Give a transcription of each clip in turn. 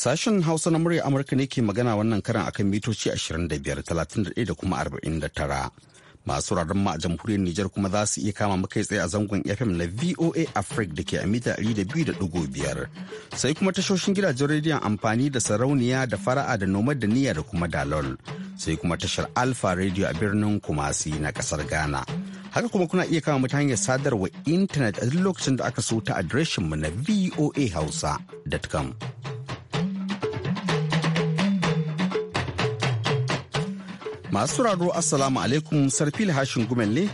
Sashen Hausa na murya Amurka ne ke magana wannan karan akan mitoci 25, 31 da kuma 49. Masu raron ma a jamhuriyar Nijar kuma za su iya kama makai tsaye a zangon FM na VOA Africa da ke a mita 200.5. Sai kuma tashoshin gidajen rediyon amfani da sarauniya da fara'a da nomad da niyya da kuma dalol. Sai kuma tashar Alpha Radio a birnin Kumasi na kasar Ghana. Haka kuma kuna iya kama mutane hanyar sadarwa intanet a duk lokacin da aka so ta adireshinmu na voahausa.com. Masu sauraro Assalamu alaikum Sarfil Hashin Gumen ne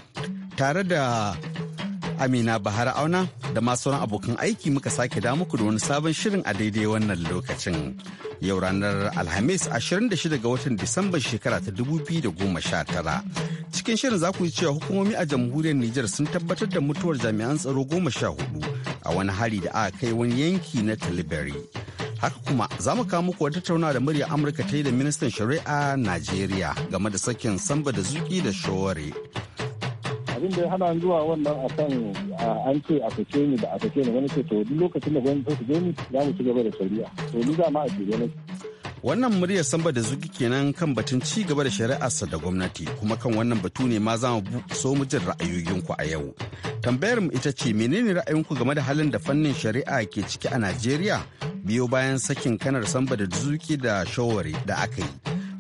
tare da Amina Bahar Auna da masu sauran abokan aiki muka sake da muku da wani sabon shirin a daidai wannan lokacin. Yau ranar Alhamis 26 ga watan Disamban shekara ta 2019. Cikin shirin za ku yi cewa hukumomi a jamhuriyar Nijar sun tabbatar da mutuwar jami'an tsaro goma sha hudu a wani hari da aka kai wani yanki na Tilbury. Haka kuma za mu kawo muku wata tattauna da murya Amurka ta yi da ministan shari'a Najeriya game da sakin samba da zuki da shawari Abin da ya hana zuwa wannan a kan an ce a fice ni da a fice ni wani ce to duk lokacin da gwamnati ta fice ni za mu ci gaba da shari'a. To ni za ma a fice ni. Wannan murya samba da zuki kenan kan batun ci gaba da shari'arsa da gwamnati kuma kan wannan batu ne ma za mu so mu jin ra'ayoyinku a yau. tambayar mu ita ce menene ra'ayinku game da halin da fannin shari'a ke ciki a najeriya biyo bayan sakin kanar samba da zuki da shawari da aka yi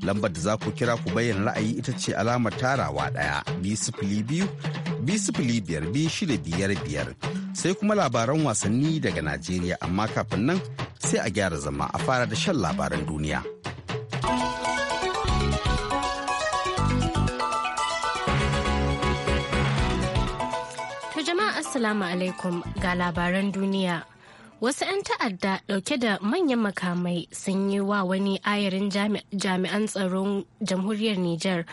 lambar da za ku kira ku bayyana ra'ayi ita ce alamar tarawa ɗaya biyar biyar sai kuma labaran wasanni daga najeriya amma kafin nan sai a gyara zama a fara da shan labaran duniya. Assalamu alaikum ga labaran duniya. Wasu 'yan ta'adda ɗauke da manyan makamai sun yi wa wani ayarin jami'an tsaron jamhuriyar Nijar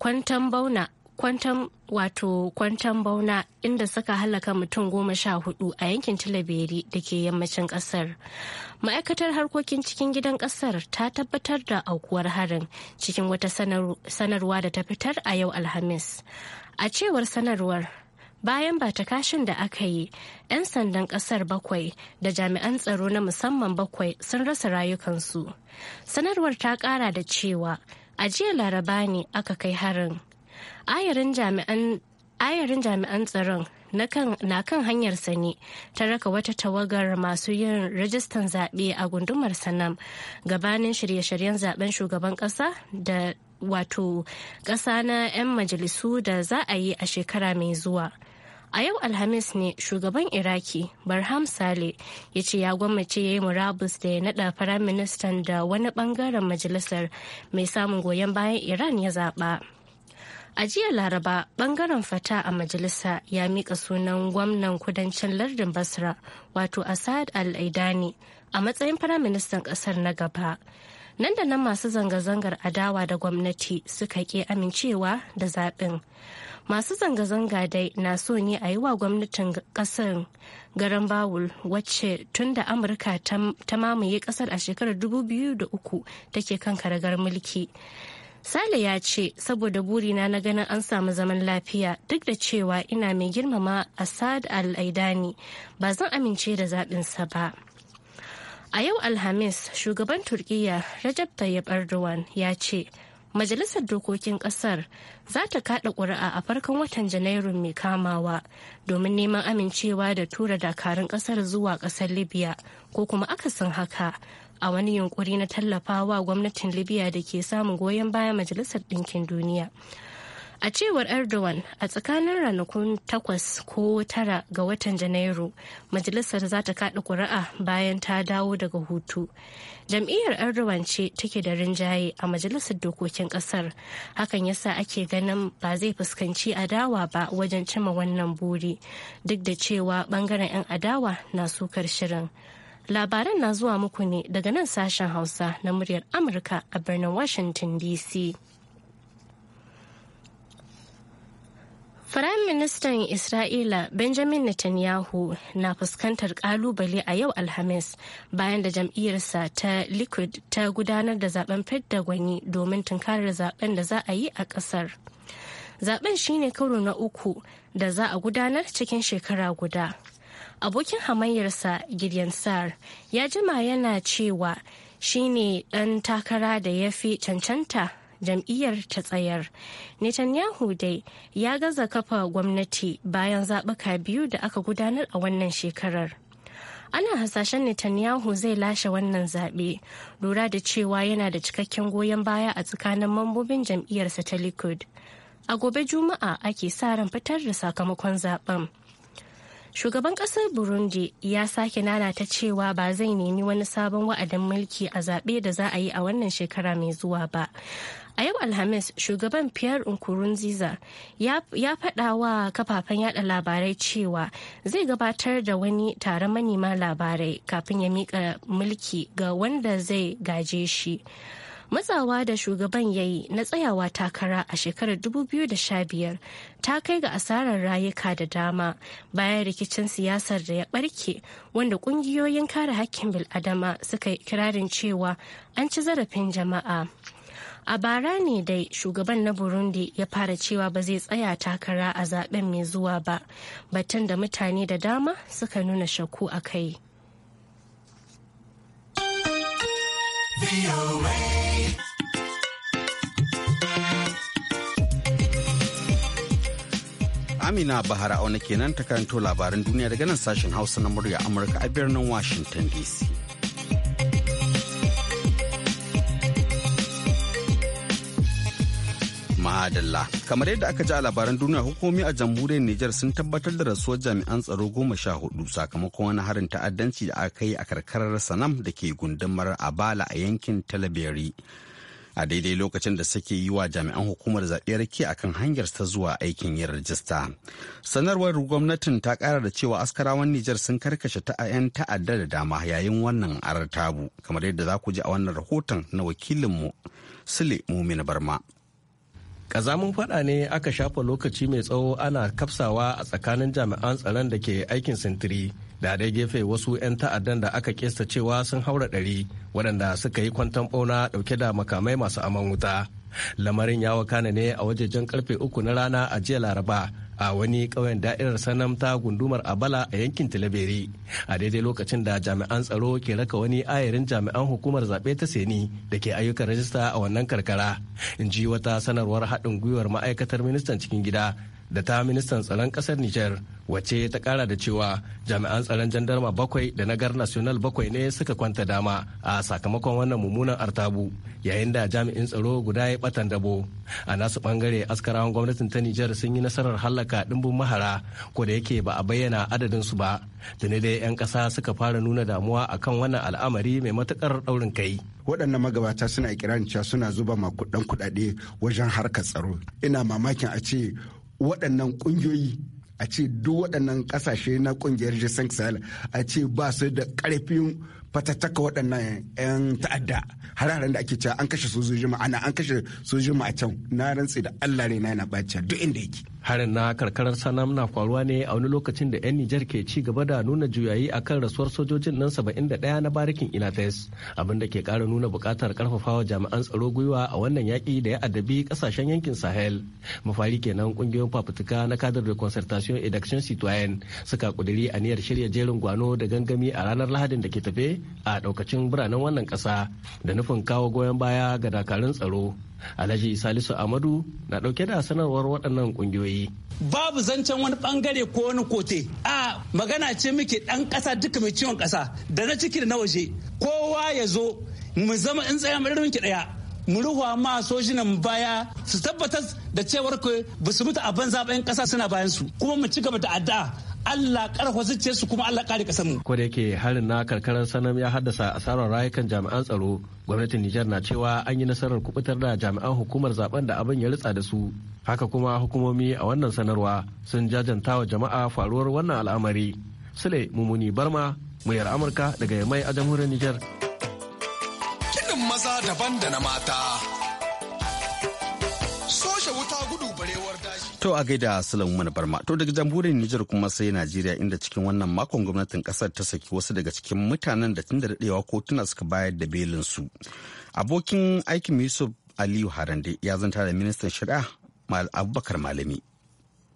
kwantan bauna kwantan wato kwantan bauna inda suka halaka mutum goma sha hudu a yankin tilaberi da ke yammacin kasar ma'aikatar harkokin cikin gidan kasar ta tabbatar da aukuwar harin cikin wata sanarwa da ta fitar a yau alhamis a cewar sanarwar bayan ba ta kashin da aka yi 'yan sandan kasar bakwai da jami'an tsaro na musamman bakwai sun rasa rayukansu sanarwar ta kara da cewa a jiya laraba ne aka kai harin ayarin jami'an tsaron na kan hanyar sani ta raka wata tawagar masu yin rajistan zaɓe a gundumar sanam gabanin shirye-shiryen zaben shugaban ƙasa da wato ƙasa na 'yan majalisu da za a yi a shekara mai zuwa. a yau alhamis ne shugaban iraki barham saleh ya ce ya gwammace ya yi murabus da ya nada firaministan da wani bangaren majalisar mai samun goyon bayan iran ya zaba a jiya laraba bangaren fata a majalisa ya mika sunan gwamnan kudancin lardin basra wato asad al-aidani a matsayin firaministan kasar na gaba nan da nan masu zanga-zangar adawa da gwamnati suka ke amincewa da zaɓen masu zanga-zanga dai na so ne a yi wa gwamnatin kasar garan bawul wacce tun da amurka ta mamaye kasar a shekarar 2003 take kan karagar mulki sale ya ce saboda burina na ganin an samu zaman lafiya duk da cewa ina mai girmama asad al-aidani ba zan amince da zaɓinsa ba a yau alhamis shugaban turkiyya rajab tayyip erdogan ya ce majalisar dokokin kasar za ta kada ƙuri'a a farkon watan janairun mai kamawa domin neman amincewa da tura dakarun kasar zuwa kasar libya ko kuma akasin haka a wani yunkuri na tallafawa gwamnatin libya da ke samun goyon bayan majalisar ɗinkin duniya a cewar erdogan a tsakanin ranakun takwas ko tara ga watan janairu majalisar za ta kada ƙuri'a bayan ta dawo daga hutu jam'iyyar erdogan ce take da rinjaye a majalisar dokokin kasar hakan yasa ake ganin ba zai fuskanci adawa ba wajen cima wannan buri duk da cewa bangaren 'yan adawa na sukar shirin labaran na zuwa muku ne daga nan sashen hausa na muryar amurka a birnin washington dc Firayim Ministan Isra'ila Benjamin Netanyahu na fuskantar kalubale a yau Alhamis bayan da jam'iyyarsa ta Likud ta gudanar da zaben fidda gwani domin tunkarar zaben da za a yi a ƙasar. Zaben shine karo na uku da za a gudanar cikin shekara guda. abokin hamayyarsa Gideon Sar ya jima yana cewa shi ne ɗan takara da ya fi cancanta jam'iyyar ta tsayar. Netanyahu dai ya gaza kafa gwamnati bayan zaɓuka biyu da aka gudanar a wannan shekarar. ana hasashen Netanyahu zai lashe wannan zaɓe lura da cewa yana da cikakken goyon baya a tsakanin mambobin jam'iyyarsa ta Likud. A gobe Juma'a ake sa ran fitar da sakamakon zaben. shugaban kasar burundi ya sake nanata cewa ba zai nemi wani sabon wa'adin mulki a zaɓe da za a yi a wannan shekara mai zuwa ba a yau alhamis shugaban pierre nkurunziza ya faɗa wa kafafen yada labarai cewa zai gabatar da wani taron manema labarai kafin ya miƙa mulki ga wanda zai gaje shi matsawa da shugaban ya yi na tsayawa takara a shekarar 2015 ta kai ga asarar rayuka da dama bayan rikicin siyasar da ya barke wanda kungiyoyin kare hakkin bil'adama suka yi kirarin cewa an ci zarafin jama'a a bara ne dai shugaban na burundi ya fara cewa ba zai tsaya takara a zaben mai zuwa ba batun da mutane da dama suka nuna shakku a kai. Amina Bahara Auna kenan ta karanto labaran duniya daga nan sashen Hausa na murya Amurka a birnin Washington DC. mahadalla Kamar yadda aka ji a labaran duniya hukumomi a jamhuriyar Nijar sun tabbatar da rasuwar jami'an tsaro goma sha hudu sakamakon wani harin ta'addanci da aka yi a karkarar Sanam da ke gundumar Abala a yankin talabiri A daidai lokacin da suke yi wa jami'an hukumar zaɓe rake akan hanyar ta zuwa aikin yin rajista. Sanarwar gwamnatin ta ƙara da cewa askarawan Nijar sun karkashe 'yan ta'adda da dama yayin wannan arar tabu kamar yadda za ku ji a wannan rahoton na wakilinmu Sule Mumina Barma. Ƙazamin faɗa ne aka shafa lokaci mai tsawo ana kafsawa a tsakanin jami'an tsaron da ke aikin sintiri da dai gefe wasu 'yan ta'addan da aka kesta cewa sun haura ɗari waɗanda suka yi kwanton ɓauna ɗauke da makamai masu aman wuta. lamarin ya wakana ne a wajejen karfe uku na rana a jiya laraba a wani ƙauyen da'irar sanam ta gundumar abala a yankin tilaberi a daidai lokacin da jami'an tsaro ke raka wani ayarin jami'an hukumar zaɓe ta seni da ke ayyukan rajista a wannan karkara in ji wata sanarwar haɗin gwiwar ma'aikatar ministan cikin gida da ta ministan tsaron kasar Nijar wace ta kara da cewa jami'an tsaron jandarma bakwai da na gar national bakwai ne suka kwanta dama a sakamakon wannan mummunan artabu yayin da jami'in tsaro guda ya batan dabo a nasu bangare askarawan gwamnatin ta Nijar sun yi nasarar hallaka dimbin mahara ko da yake ba a bayyana adadin su ba tuni dai 'yan kasa suka fara nuna damuwa akan wannan al'amari mai matukar daurin kai waɗannan magabata suna kiran cewa suna zuba makudan kudade wajen harkar tsaro ina mamakin a ce waɗannan ƙungiyoyi a ce duk waɗannan ƙasashe na ƙungiyar jisan sahel a ce ba su da ƙarfin fatattaka waɗannan 'yan ta'adda hararen da ake cewa an kashe sojojin ma'ana an kashe sojojin a can na rantsi da allah ne na yana ɓaciya duk inda yake harin na karkarar sanam na faruwa ne a wani lokacin da 'yan nijar ke ci gaba da nuna juyayi a kan rasuwar sojojin nan 71 na barikin inafes abin da ke kara nuna bukatar karfafawa jami'an tsaro gwiwa a wannan yaki da ya adabi kasashen yankin sahel mafari kenan kungiyoyin fafutuka na kadar da concertation edaction citoyen suka kuduri aniyar shirya jerin gwano da gangami a ranar lahadin da ke tafe a daukacin biranen wannan kasa da nufin kawo goyon baya ga dakarun tsaro Alhaji Salisu Amadu na ɗauke da sanarwar waɗannan ƙungiyoyi. Babu zancen wani ɓangare ko wani kote. A magana ce muke ɗan ƙasa duka mai ciwon ƙasa da na ciki da na waje. Kowa ya zo mu zama in tsaya mu ɗaya. mu ruwa ma sojinan baya su tabbatar da cewar ku ba su mutu a banza ƙasa kasa suna bayan su kuma mu ci gaba da addu'a Allah karfa zuciya su kuma Allah kare kasar mu ko da yake harin na karkarar sanam ya haddasa asarar rayukan jami'an tsaro gwamnatin Nijar na cewa an yi nasarar kubutar da jami'an hukumar zaben da abin ya ritsa da su haka kuma hukumomi a wannan sanarwa sun jajanta wa jama'a faruwar wannan al'amari sule mumuni barma muryar amurka daga yamai a jamhuriyar Nijar. kinin maza daban da na mata soshe wuta gudu barewar da To a gaida Sulaiman Barma. To daga jamhuriyar Nijar kuma sai Najeriya inda cikin wannan makon gwamnatin kasar ta saki wasu daga cikin mutanen da tun da daɗewa kotuna suka bayar da belin su. Abokin aikin Yusuf Aliyu Harande ya zanta da ministan shari'a Abubakar Malami.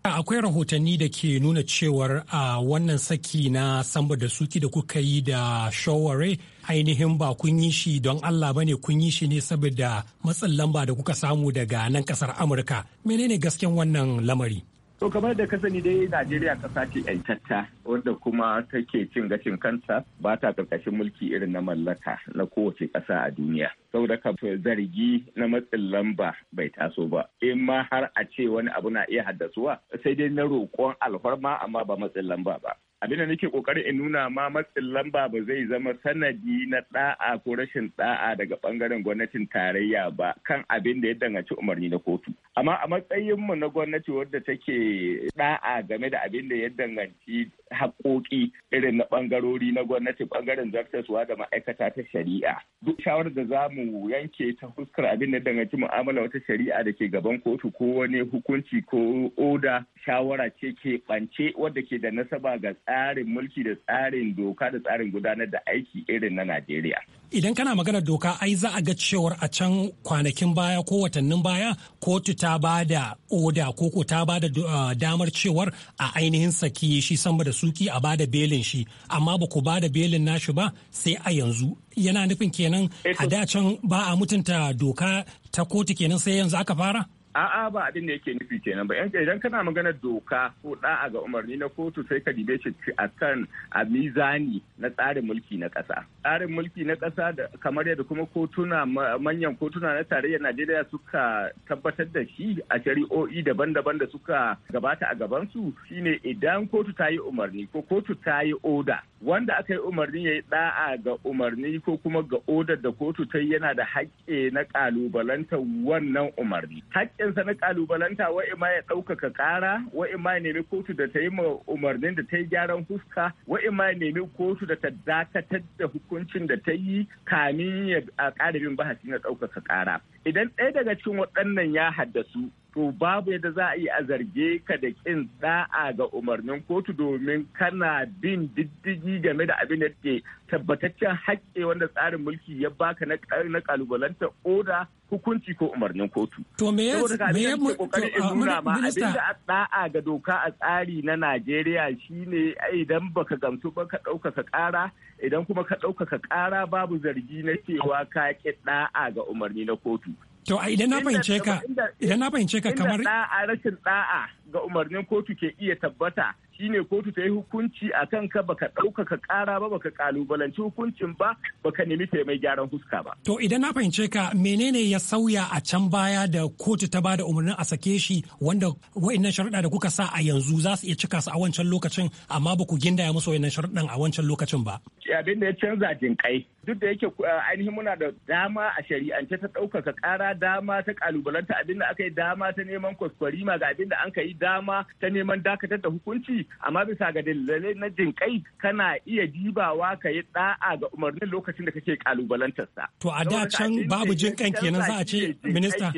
akwai rahotanni da ke nuna cewar a wannan saki na samba da suki da kuka yi da shaware ainihin ba kun yi shi don Allah bane kun yi shi ne saboda matsin lamba da kuka samu daga nan kasar Amurka. Menene gasken wannan lamari? To kamar da ka sani dai Najeriya kasa ce ‘yantatta wadda kuma take cin gashin kanta ba ta karkashin mulki irin na mallaka na kowace ƙasa a duniya. Saboda ka zargi na matsin lamba bai taso ba. In ma har a ce wani abu na iya haddasuwa sai dai na roƙon alfarma amma ba matsin lamba ba. abinda nake kokarin in nuna ma matsin lamba ba zai zama sanadi na da'a ko rashin da'a daga bangaren gwamnatin tarayya ba kan abin da ya danganci umarni na kotu amma a matsayin mu na gwamnati wadda take da'a game da abin da ya danganci haƙoƙi irin na bangarori na gwamnati bangaren zartaswa da ma'aikata ta shari'a duk shawarar da za mu yanke ta fuskar abin da danganci mu'amala wata shari'a da ke gaban kotu ko wani hukunci ko oda shawara ce ke ɓance wadda ke da nasaba ga tsarin mulki da tsarin doka da tsarin gudanar da aiki irin na Najeriya. Idan kana magana doka ai za a ga cewar a can kwanakin baya ko watannin baya kotu ta ba da oda ko ta ba da uh, damar cewar a ainihin saki shi sama da suki a ba da belin shi amma ba ku ba da belin nashi ba sai a yanzu yana nufin kenan eh, a da can ba a mutunta doka ta kotu kenan sai yanzu aka fara? a'a ba abin da yake nufi kenan ba idan kana magana doka ko da'a ga umarni na kotu sai ka dibe shi kan a mizani na tsarin mulki na ƙasa tsarin mulki na ƙasa da kamar yadda kuma kotuna manyan kotuna na tarayyar Najeriya suka tabbatar da shi a shari'o'i daban-daban da suka gabata a gaban su shine idan kotu ta yi umarni ko kotu ta yi oda wanda aka yi umarni ya yi da'a ga umarni ko kuma ga odar da kotu ta yana da haƙƙi na ƙalubalantar wannan umarni haƙƙinsa na ƙalubalanta wa ima ya ɗaukaka ƙara wa ima ya nemi kotu da ta yi ma umarnin da ta yi gyaran fuska wa ima ya nemi kotu da ta dakatar da hukuncin da ta yi kamin ya ƙara bin bahasi na ɗaukaka ƙara idan ɗaya daga cikin waɗannan ya haddasu to babu yadda za a yi a zarge ka da kin da'a ga umarnin kotu domin kana bin diddigi game da abin da ke tabbataccen haƙƙi wanda tsarin mulki ya baka na kalubalantar oda hukunci ko umarnin kotu. To me ya me ya kokari ma abin da a da'a ga doka a tsari na Najeriya shine idan baka gamsu ba ka ɗaukaka ƙara idan kuma ka ɗaukaka ƙara babu zargi na cewa ka ƙi da'a ga umarni na kotu. To a idan na fahimce ka idan na fahimce ka kamar inda da'a rashin da'a ga umarnin kotu ke iya tabbata shine kotu ta yi hukunci a kan ka baka ɗaukaka ƙara ba baka ƙalubalanci hukuncin ba baka nemi ta mai gyaran fuska ba. To idan na fahimce ka menene ya sauya a can baya da kotu ta bada umarnin a sake shi wanda wa'innan sharuɗa da kuka sa a yanzu za su iya cika su a wancan lokacin amma ba ku gindaya musu wa'innan sharuɗan a wancan lokacin ba. Abin da ya canza jinƙai duk da yake eh, ainihin muna da dama a shari'ance ta ɗaukaka ƙara dama ta ƙalubalanta abin da aka yi dama ta neman kwaskwarima ga abin da an ka yi dama ta neman dakatar da hukunci amma bisa ga dalilai na jinkai kana iya dibawa ka yi da'a ga umarnin lokacin da kake kalubalantar sa to a da can babu jin kan kenan za a ce minista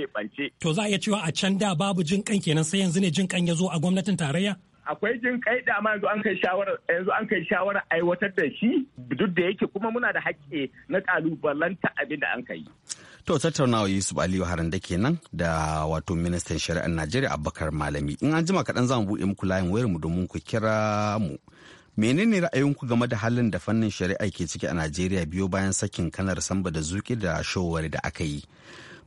to za a iya cewa a can da babu jin kan kenan sai yanzu ne jinkan ya zo a gwamnatin tarayya akwai jin kai da amma yanzu an kai shawara yanzu an kai shawara aiwatar da shi duk da yake kuma muna da haƙƙi na kalubalanta abin da an kai to tattaunawa Yusuf Aliyu da kenan da wato ministan shari'ar Najeriya Abubakar Malami in an jima kaɗan za mu buɗe muku layin wayar mu domin ku kira mu menene ra'ayinku game da halin da fannin shari'a ke ciki a Najeriya biyo bayan sakin kanar samba da zuki da showar da aka yi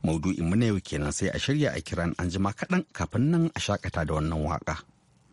maudu'in mu na yau kenan sai a shirya a kiran an jima kaɗan kafin nan a shakata da wannan waka.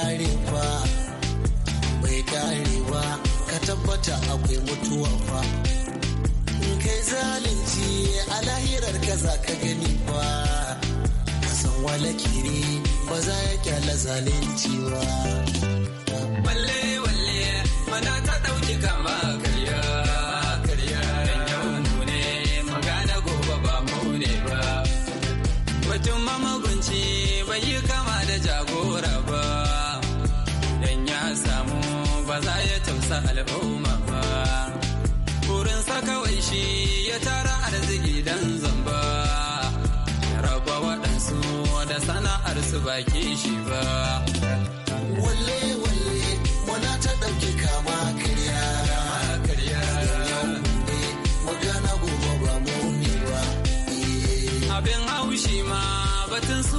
kare mai bai ba ka tabbata akwai mutuwa fa in kai zalunci a lahirar ka za ka gani fa ka san wala kiri ba za ya kyala zalunci ba walle mana ta sa al'umma sa kawai shi ya tara arziki dan zamba raba waɗansu da sana'ar su baki shi ba walle walle wana ta ɗauki kama karya gobe abin haushi ma batun su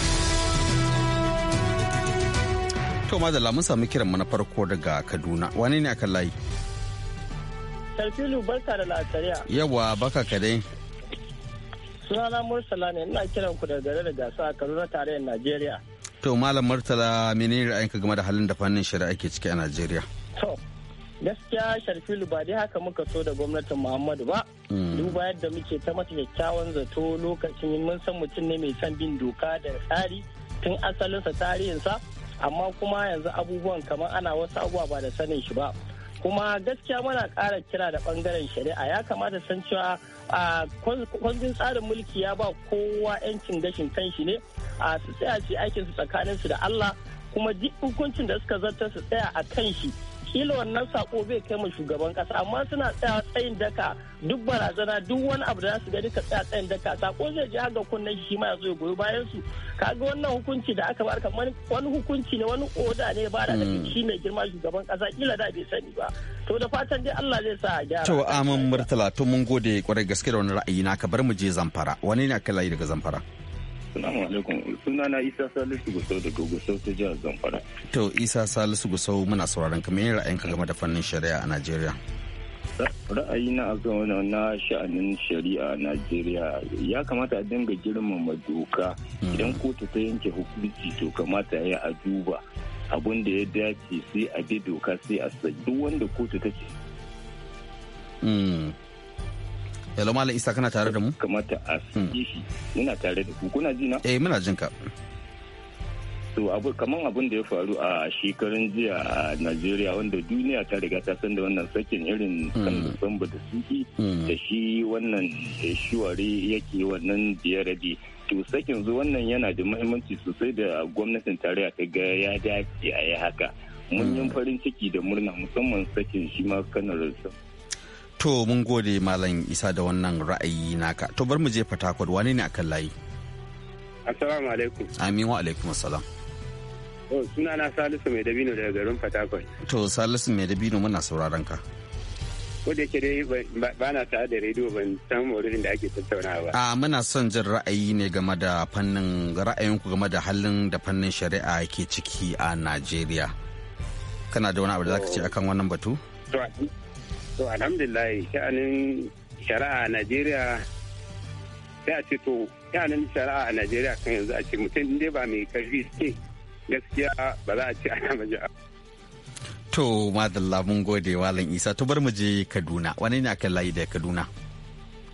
To ma da lamun sami kiran farko daga Kaduna. wani ne akan layi? tarfilu barka da la'asariya. Yawa baka ka dai. Sunana Murtala ne ina kiran ku daga gare da gasa a Kaduna tarayyar Najeriya. To Malam Murtala menene ra'ayinka game da halin da fannin shari'a ke ciki a Najeriya? To gaskiya Sharfilu ba dai haka muka so da gwamnatin Muhammadu ba. Mm. Duba yadda muke ta mata kyakkyawan zato lokacin mun san mutum ne mai son bin doka da tsari tun asalinsa tarihinsa amma kuma yanzu abubuwan kamar ana wasu abubuwa ba da sanin shi ba kuma gaskiya muna kara kira da ɓangaren shari'a ya kamata san cewa a kwanzin tsarin mulki ya ba kowa 'yancin gashin kan shi ne a su tsaya ce aikinsu tsakaninsu tsakanin su da Allah kuma duk hukuncin da suka zartar su tsaya a kan shi kila wannan sako bai kai ma shugaban kasa amma suna tsaya tsayin daka duk barazana duk wani abu da su gani ka tsaya tsayin daka sako zai ji haka kunnen shi ma yanzu ya goyi bayan su kaga wannan hukunci da aka barka wani hukunci ne wani oda ne ba da hmm. shi mai girma shugaban kasa kila da bai sani ba to da fatan dai Allah zai sa a gyara to amin murtala to mun gode kwarai gaske da wani ra'ayi naka bar mu je zamfara wani ne aka layi daga zamfara Salamu alaikum sunana Isa Salisu Gusau daga Gusau ta jihar Zamfara. To Isa Salisu Gusau muna sauraron ka ra'ayinka game da fannin shari'a a Najeriya? na sha'anin shari'a a Najeriya ya kamata a dinga girmama doka hmm. idan kotu ta yanke hukunci to kamata ya a duba abun da ya dace sai a bi doka sai a duk wanda kotu ta ce. Hmm. hello malam isa kana tare da mu kamata a hmm. shi muna tare da ku kuna ji na eh muna jin ka to abu kaman abun da ya faru a shekarun jiya a Najeriya wanda duniya ta riga ta san da wannan sakin irin hmm. kan samba da sufi. Hmm. da shi wannan shiware yake wannan biyarabe to sakin zu wannan yana da muhimmanci sosai da gwamnatin tarayya ta ga ya dace a yi haka mun yi farin ciki da murna musamman sakin shi ma kanar To mun gode Malam Isa da wannan ra'ayi naka. To bar mu je Fatakwal wani ne akan layi? Assalamu alaikum. Amin wa alaikum assalam. suna na Salisu mai dabino daga garin Fatakwal. To Salisu mai dabino muna sauraron ka. Ko da yake dai ba na tare da rediyo ban san wurin da ake tattaunawa ba. A muna son jin ra'ayi ne game da fannin ra'ayinku game da halin da fannin shari'a ke ciki a Najeriya. Kana da wani abu da zaka ce akan wannan batu? to alhamdulillah sha'anin shari'a a najeriya sai a ce to sha'anin shari'a a najeriya kan yanzu a ce mutum dai ba mai karfi suke gaskiya ba za a ce ana maja to madalla mun gode walan isa to bar mu je kaduna wani ne akan layi da kaduna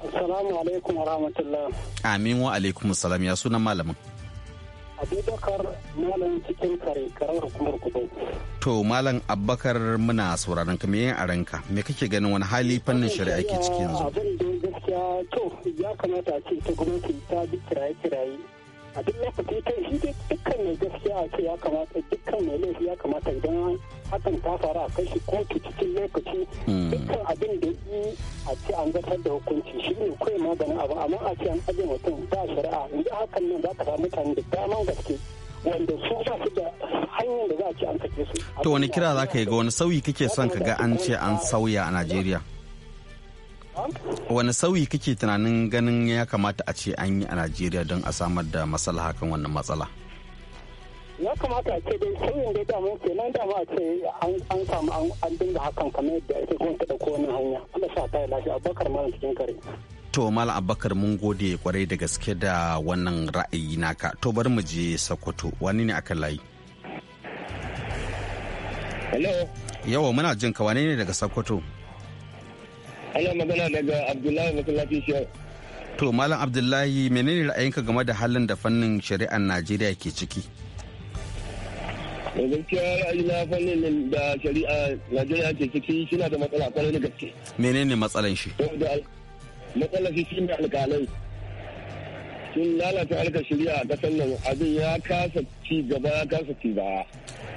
assalamu alaikum wa rahmatullah amin wa alaikum salam ya sunan malamin abubakar malam cikin kare karar hukumar kudu. to malam abubakar muna sauraron ka me a ranka me kake ganin wani hali fannin shari'a ke cikin yanzu abin da gaskiya to ya kamata a ce ta gwamnati ta bi kiraye kiraye a duk lokacin kai shi dai dukkan mai gaskiya ce ya kamata dukkan mai laifi ya kamata idan hakan ta faru a kai shi kotu cikin lokaci hmm. dukkan abin da yi a ce an gabatar da hukunci shi ne kawai maganin abu amma a ce an aje mutum ba shari'a in ji hakan nan za ka samu mutane da daman gaske wanda su ba su da hanyar da za a ce an kake su. to wani kira za ka yi ga wani sauyi kake son ka ga an ce an sauya a najeriya. wani sauyi kake tunanin ganin ya kamata a ce an yi a najeriya don a samar da matsala kan wannan matsala ya kamata a ce dai sauyin da damar ke nan dama a ce an samu an dinga hakan kamar yadda ake kuma ta dauko wani hanya Allah sa ta lafiya abubakar malam cikin kare to malam abubakar mun gode kwarai da gaske da wannan ra'ayi naka to bari mu je sokoto wani ne akan layi hello yawa muna jin ka wani ne daga sokoto ana magana daga abdullahi masallaci shehu to malam abdullahi menene ra'ayinka game da halin da fannin shari'ar najeriya ke ciki eh, gaskiya ra'ayi na fannin da shari'a najeriya ke ciki suna da matsala kwarai da gaske menene matsalan shi matsalan shi shine alkalai sun lalata harkar shari'a a kasar nan abin ya kasa ci gaba ya kasa ci baya.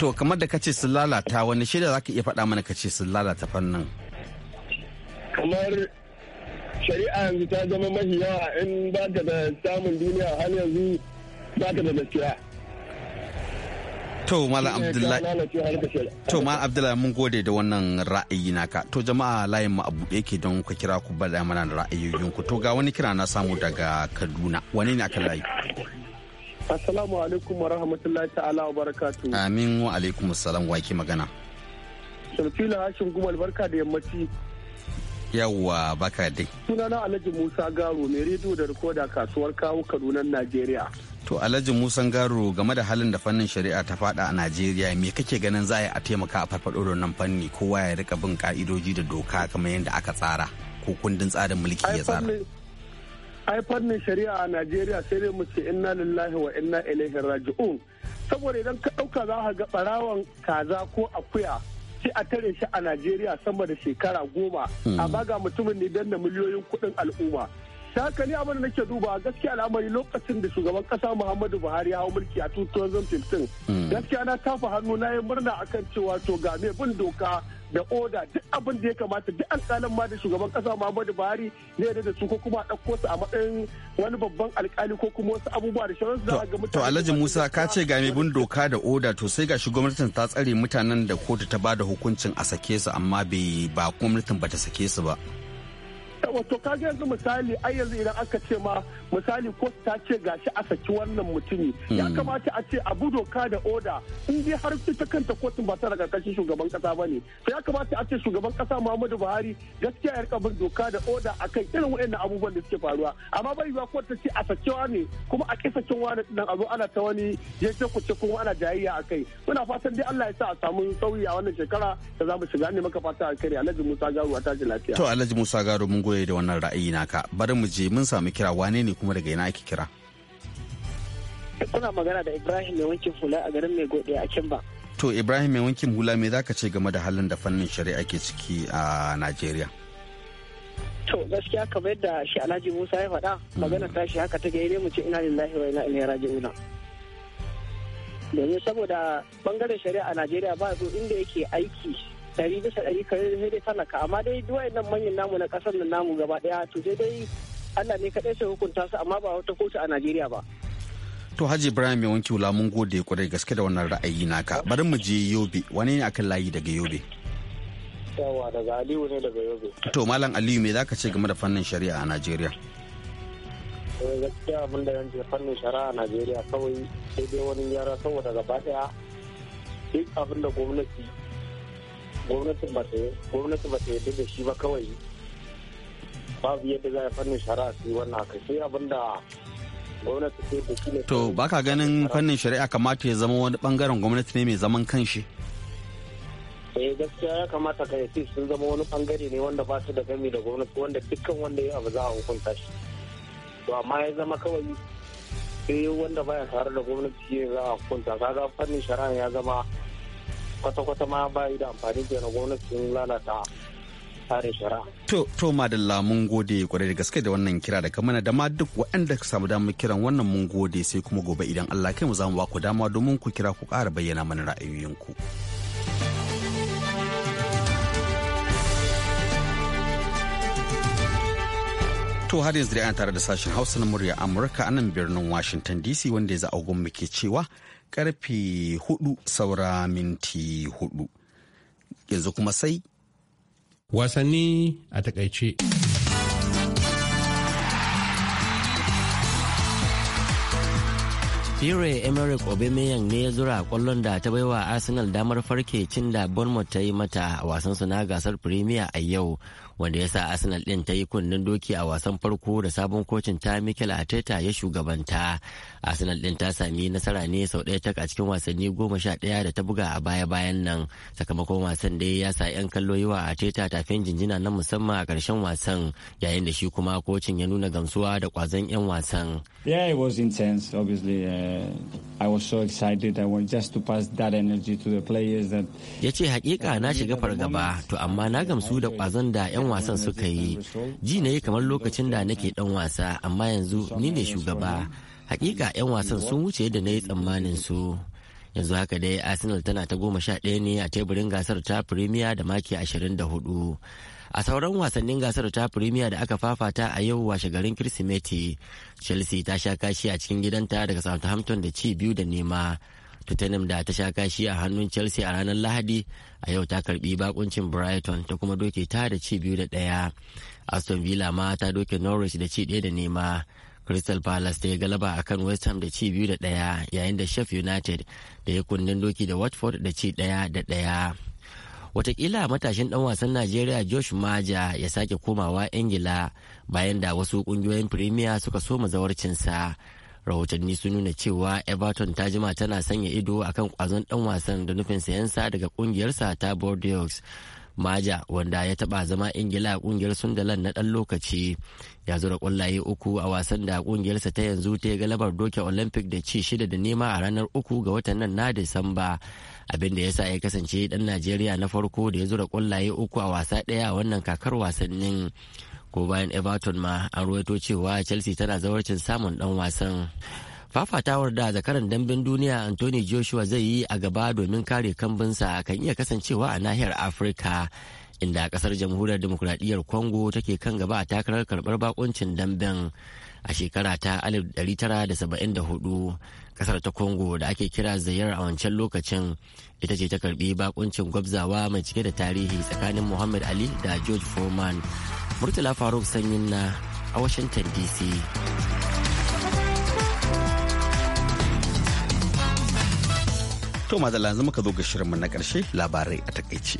To kamar da kace sun lalata wani shirya za ka iya faɗa mana kace sun lalata fannin kamar shari'a yanzu ta zama mafi yawa in ba ka da samun duniya har yanzu ba ka da gaskiya. To Malam Abdullahi. To Abdullahi mun gode da wannan ra'ayi naka. To jama'a layin mu abu yake don ku kira ku bada mana ra'ayoyinku. To ga wani kira na samu daga Kaduna. Wani ne aka layi? Assalamu alaikum wa rahmatullahi ta'ala wa barakatu. Amin wa alaikum salam wa ke magana. Sarfila Hashim Gumal barka da yammaci. yawwa baka dai na alhaji musa garo mai rediyo da rikoda kasuwar kawo kadunan najeriya to alhaji musa garo game da halin da fannin shari'a ta fada a najeriya me kake ganin za a yi a taimaka a farfaɗo da nan fanni kowa ya rika bin ka'idoji da doka kamar yadda aka tsara ko kundin tsarin mulki ya tsara ai fannin shari'a a najeriya sai dai mu ce inna lillahi wa inna ilaihi raji'un saboda idan ka dauka za ka ga ɓarawon kaza ko akuya sai a tare shi a najeriya sama da shekara goma hmm. amma ga mutumin ne danna miliyoyin kuɗin al'umma ta haka ni abin da nake duba gaskiya al'amari lokacin da shugaban kasa muhammadu buhari ya hau mulki a 2015 hmm. gaskiya na tafa hannu na yi murna akan cewa to ga me bin doka da oda duk abin da ya kamata duk alƙalin ma da shugaban ƙasa Muhammadu Buhari ne da da su ko kuma ɗauko su a matsayin wani babban alƙali ko kuma wasu abubuwa da shawararsu da ga mutane. To Alhaji Musa ka ce ga mai bin doka da oda to sai gashi gwamnatin ta tsare mutanen da kotu ta bada hukuncin a sake su amma bai ba gwamnatin bata sake su ba. wato ka yanzu misali ai yanzu idan aka ce ma misali ko ta ce gashi a saki wannan mutumi ya hmm. kamata a ce abu doka da oda in dai har ta kanta kotun ba ta daga kashin shugaban kasa bane to ya kamata a ce shugaban kasa Muhammadu Buhari gaskiya ya rika bin doka da oda akan irin waɗannan abubuwan da suke faruwa amma bai ba kotun ce a saki ne kuma a kisa cin wani dan azo ana ta wani ku ce kuma ana jayayya akai muna fatan dai Allah ya sa a samu sauyi a wannan shekara da za mu shiga ne maka fata a kare Alhaji Musa Garu a ji lafiya to Alhaji Musa Garu goye da wannan ra'ayi naka bari mu je mun samu kira wane ne kuma daga ina ake kira kuna magana da ibrahim mai wankin hula a garin mai gode a kimba to ibrahim mai wankin hula me zaka ce game da halin da fannin shari'a ke ciki a najeriya to gaskiya kamar yadda shi alhaji musa ya faɗa magana mm. tashi haka ta gaire mu ce ina lillahi wa ina ilaihi raji'una domin saboda bangaren shari'a a najeriya ba zo inda yake aiki ɗari bisa ɗari kare sai dai talaka amma dai duk nan manyan namu na kasar nan namu gaba daya to zai dai Allah ne kadai sai hukunta su amma ba wata kotu a Najeriya ba. To Haji Ibrahim ya wanki wula mun gode kwarai gaske da wannan ra'ayi naka bari mu je Yobe wani ne akan layi daga Yobe? Yawa daga Aliyu ne daga Yobe. To Malam Aliyu me zaka ce game da fannin shari'a a Najeriya? Eh, gaskiya abin da yanzu fannin shari'a a Najeriya kawai sai dai wani yara saboda gaba daya duk abin da gwamnati gwamnati ba ta yadda da shi ba kawai babu yadda za a fannin shari'a su yi wannan haka sai abin da gwamnati sai da shi ne to ba ka ganin fannin shari'a kamata ya zama wani bangaren gwamnati ne mai zaman kanshi eh gaskiya ya kamata ka yace sun zama wani bangare ne wanda ba su da gami da gwamnati wanda dukkan wanda ya abu za a hukunta shi to amma ya zama kawai sai wanda baya tare da gwamnati ya za a hukunta kaga fannin shari'a ya zama kwata-kwata ma ba yi da amfani da na gwamnati sun lalata tare shara. To, to madalla mun gode kwarai da gaske da wannan kira da kamana da ma duk waɗanda ka samu damar kiran wannan mun gode sai kuma gobe idan Allah kai mu za mu ba ku dama domin ku kira ku ƙara bayyana mana ra'ayoyinku. To har yanzu dai ana tare da sashen Hausa na murya Amurka a nan birnin Washington DC wanda ya za a muke cewa karfe hudu saura minti hudu yanzu kuma sai wasanni a takaice Pierre Emerick Aubameyang ne ya zura kwallon da ta baiwa Arsenal damar farke cin da Bournemouth ta yi mata a wasan su na gasar Premier a yau wanda ya sa Arsenal din ta yi kunnen doki a wasan farko da sabon kocin ta Mikel Arteta ya shugabanta. Arsenal din ta sami nasara ne sau ɗaya tak a cikin wasanni goma sha ɗaya da ta buga a baya-bayan nan sakamakon wasan da ya sa 'yan kallo yi wa Arteta tafin jinjina na musamman a ƙarshen wasan yayin da shi kuma kocin ya nuna gamsuwa da ƙwazon 'yan wasan. Yeah, it was intense, obviously. Uh... Ya ce hakika na shiga fargaba to amma na gamsu da kwazon da 'yan wasan suka yi. Ji na yi kamar lokacin da nake dan wasa amma yanzu ni ne shugaba. Hakika 'yan wasan sun wuce da na yi tsammanin su. yanzu haka dai arsenal tana ta goma sha ɗaya ne a teburin gasar ta premier da maki ashirin da hudu a sauran wasannin gasar ta premier da aka fafata a yau washe garin kirsimeti chelsea ta sha kashi a cikin gidanta daga southampton da ci biyu da nema tottenham da ta sha kashi a hannun chelsea a ranar lahadi a yau ta karbi bakuncin brighton ta kuma doke ta da ci biyu da ɗaya aston villa ma ta doke norwich da ci ɗaya da nema crystal palace ta yi galaba a kan west ham da ci biyu da ɗaya yayin da chef united da ya kunnen doki da watford da ci ɗaya da ɗaya watakila matashin dan wasan najeriya josh maja ya sake komawa ingila bayan da wasu kungiyoyin premier suka so mazawarcinsa rahotanni sun nuna cewa everton ta jima tana sanya ido akan kwazon dan wasan da nufin sayansa daga kungiyarsa ta bordeaux maja wanda ya taba zama ingila a kungiyar sundalan na dan lokaci ya zura kwallaye uku a wasan da kungiyarsa ta yanzu ta yi galabar doke olympic da ci shida da nema a ranar uku ga watan nan na disamba abin da yasa ya kasance dan najeriya na farko da ya zura kwallaye uku a wasa ɗaya a wannan kakar wasannin ko bayan everton ma an ruwaito cewa chelsea tana zawarcin samun dan wasan fafatawar da zakaran damben duniya anthony joshua zai yi a gaba domin kare kambinsa kan iya kasancewa a nahiyar afirka inda kasar jamhuriyar demokuraɗiyyar congo take kan gaba a takarar karɓar bakuncin damben a shekara ta 1974 kasar ta congo da ake kira zayar a wancan lokacin ita ce ta karbi bakuncin gwabzawa mai cike da tarihi tsakanin muhammad ali da george foreman murtala faruk sanyin na a washington dc To madalla yanzu muka zo ga shirinmu na ƙarshe labarai a takaice.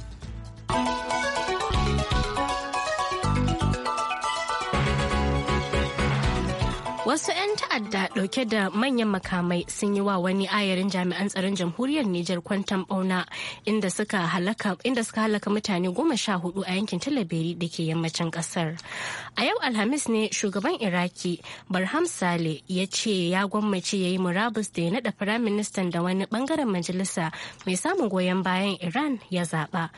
Wasu 'yan ta'adda ɗauke da manyan makamai sun yi wa wani ayarin jami'an tsaron jamhuriyar Nijar kwantan bauna inda suka halaka mutane goma sha hudu a yankin talabiri da ke yammacin ƙasar. A yau Alhamis ne shugaban Iraki Barham sale ya ce ya gwammace ya yi murabus da ya naɗa firaministan da wani ɓangaren majalisa mai samun goyon bayan Iran ya zaɓa.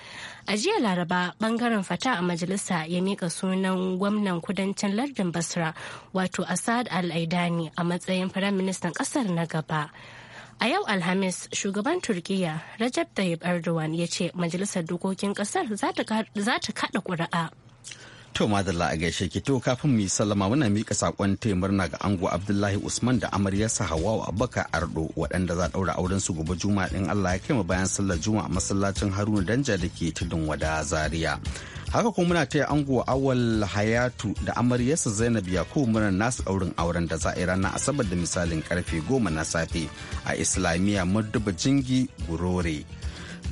A jiya Laraba bangaren fata a majalisa ya mika sunan gwamnan kudancin lardin Basra wato asad al-Aidani a matsayin firaministan kasar na gaba. A yau Alhamis, shugaban Turkiyya Rajab Tayyip Erdogan ya ce majalisar dokokin kasar za ta kada ƙuri'a. To madalla a gaishe ki to kafin mu yi sallama muna mika sakon taya murna ga ango Abdullahi Usman da amaryarsa Hawwa Abubakar Ardo waɗanda za daura auren su gobe Juma'a din Allah ya kai ma bayan sallar Juma'a masallacin Haruna Danja da ke tudun wada Zaria. Haka kuma muna taya ango Awal Hayatu da amaryarsa Zainab ko muna nasu aurin auren da za a yi rana Asabar da misalin karfe goma na safe a Islamiyya Mudduba Jingi Gurore.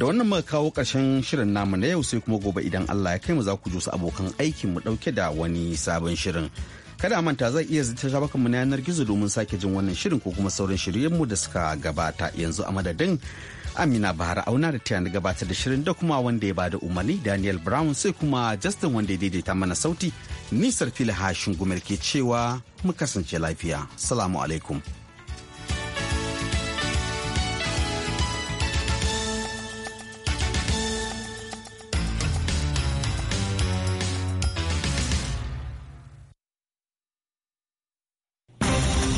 da wannan muka kawo ƙarshen shirin namu na yau sai kuma gobe idan Allah ya kai mu za ku su abokan aikin mu dauke da wani sabon shirin kada a manta zai iya zita shabakan mu na yanar gizo domin sake jin wannan shirin ko kuma sauran shiryen mu da suka gabata yanzu a madadin Amina Bahara auna da ta gabatar da shirin da kuma wanda ya bada umarni Daniel Brown sai kuma Justin wanda ya daidaita mana sauti. Nisar fili hashin gumar ke cewa mu kasance lafiya. Salamu alaikum.